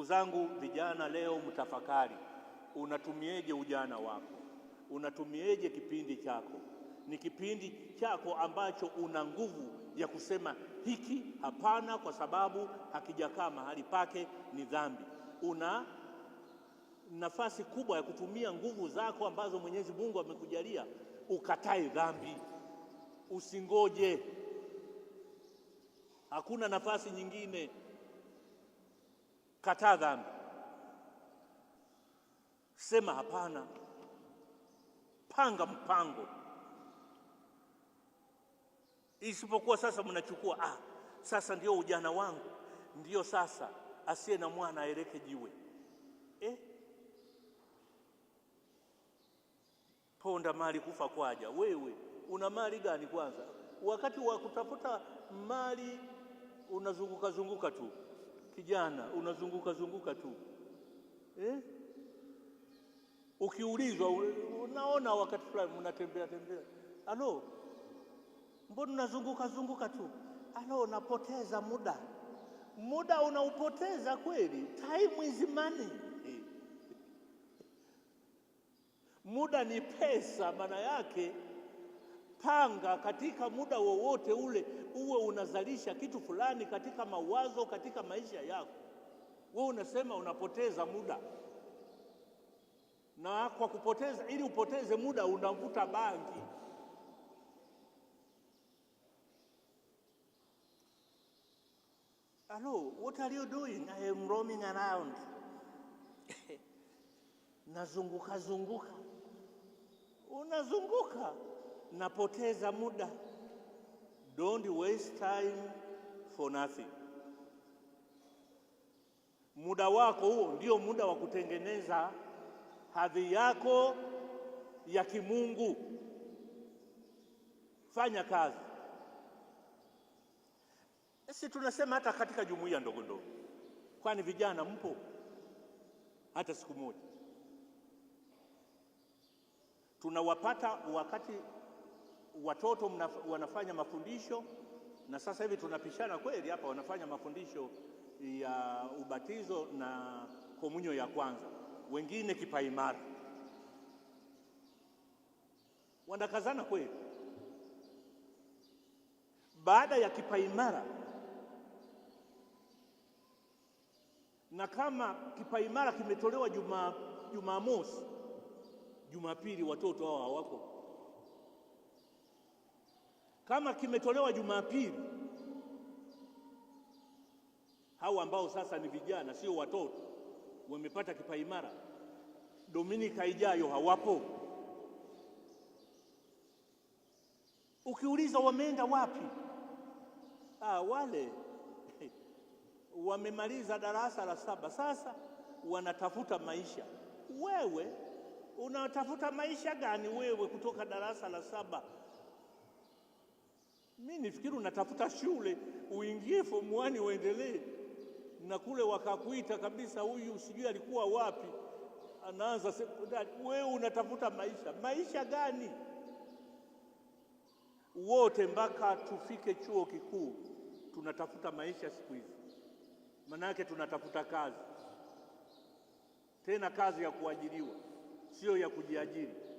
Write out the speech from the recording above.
Ndugu zangu vijana, leo mtafakari, unatumieje ujana wako? Unatumieje kipindi chako? Ni kipindi chako ambacho una nguvu ya kusema hiki hapana, kwa sababu hakijakaa mahali pake, ni dhambi. Una nafasi kubwa ya kutumia nguvu zako ambazo Mwenyezi Mungu amekujalia, ukatae dhambi, usingoje. Hakuna nafasi nyingine kataa dhambi, sema hapana, panga mpango. Isipokuwa sasa mnachukua ah, sasa ndio ujana wangu, ndiyo sasa asiye na mwana aeleke jiwe. Eh, ponda mali kufa kwaja. Wewe una mali gani kwanza? Wakati wa kutafuta mali unazunguka zunguka tu kijana unazunguka zunguka tu eh? Ukiulizwa unaona wakati fulani mnatembea tembea, alo, mbona unazunguka zunguka tu? Alo, unapoteza muda, muda unaupoteza kweli, time is money eh. muda ni pesa, maana yake Panga katika muda wowote ule, uwe unazalisha kitu fulani katika mawazo, katika maisha yako. Wewe unasema unapoteza muda, na kwa kupoteza, ili upoteze muda unavuta bangi. Hello, what are you doing? I am roaming around. Nazunguka zunguka, unazunguka napoteza muda. Don't waste time for nothing. Muda wako huo ndio muda wa kutengeneza hadhi yako ya kimungu. Fanya kazi. Sisi tunasema hata katika jumuiya ndogo ndogo, kwani vijana mpo hata siku moja? Tunawapata wakati watoto mnaf, wanafanya mafundisho na sasa hivi tunapishana kweli hapa, wanafanya mafundisho ya ubatizo na komunyo ya kwanza, wengine kipaimara, wanakazana kweli. Baada ya kipaimara na kama kipaimara kimetolewa Jumamosi, Jumapili watoto hao hawako kama kimetolewa Jumapili, hao ambao sasa ni vijana, sio watoto, wamepata kipaimara, Dominika ijayo hawapo. Ukiuliza wameenda wapi? Ah, wale wamemaliza darasa la saba, sasa wanatafuta maisha. Wewe unatafuta maisha gani wewe kutoka darasa la saba Mi nifikiri unatafuta shule uingie fomu wani uendelee na kule, wakakuita kabisa, huyu sijui alikuwa wapi, anaanza sekondari. Wewe unatafuta maisha, maisha gani? Wote mpaka tufike chuo kikuu tunatafuta maisha siku hizi, manake tunatafuta kazi, tena kazi ya kuajiriwa, sio ya kujiajiri.